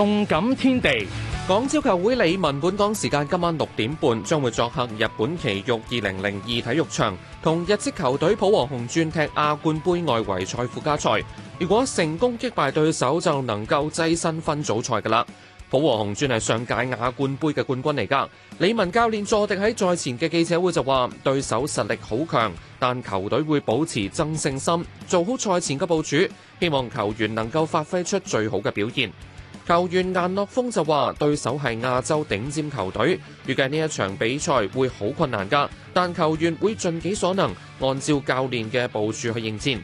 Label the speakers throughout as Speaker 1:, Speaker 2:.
Speaker 1: 動感天地，港超球會理文本港時間今晚六點半將會作客日本埼玉二零零二體育場，同日職球隊浦和紅鑽踢亞冠盃外圍賽附加賽。如果成功擊敗對手，就能夠躋身分組賽㗎喇。浦和紅鑽係上屆亞冠盃嘅冠軍嚟㗎。理文教練坐定喺賽前嘅記者會就話：對手實力好強，但球隊會保持爭勝心，做好賽前嘅部署，希望球員能夠發揮出最好嘅表現。球員顏樂峰就話：對手係亞洲頂尖球隊，預計呢一場比賽會好困難噶，但球員會盡己所能，按照教練嘅部署去應戰。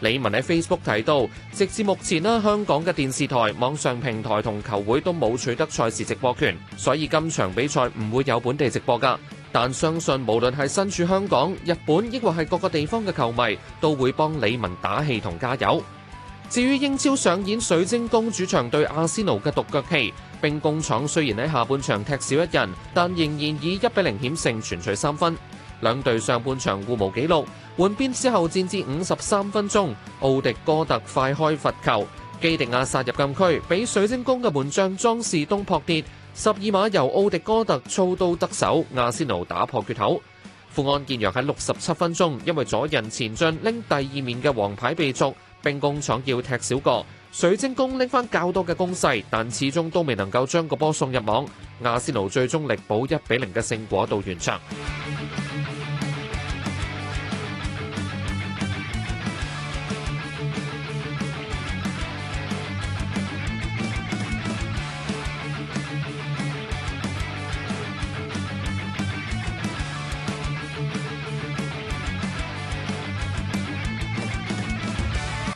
Speaker 1: 理文喺 Facebook 提到：直至目前呢，香港嘅電視台、網上平台同球會都冇取得賽事直播權，所以今場比賽唔會有本地直播噶。但相信無論係身處香港、日本，抑或係各個地方嘅球迷，都會幫理文打氣同加油。至於英超上演水晶宮主場對阿仙奴嘅獨腳戲，兵工廠雖然喺下半場踢少一人，但仍然以一比零險勝全取三分。兩隊上半場互無紀錄，換邊之後戰至五十三分鐘，奧迪哥特快開罰球，基迪亞殺入禁區，俾水晶宮嘅門將莊士東撲跌，十二碼由奧迪哥特操刀得手，阿仙奴打破缺口。富安健洋喺六十七分鐘因為阻人前進拎第二面嘅黃牌被逐。兵工廠要踢少個，水晶宮拎翻較多嘅攻勢，但始終都未能夠將個波送入網。阿仙奴最終力保一比零嘅勝果到完場。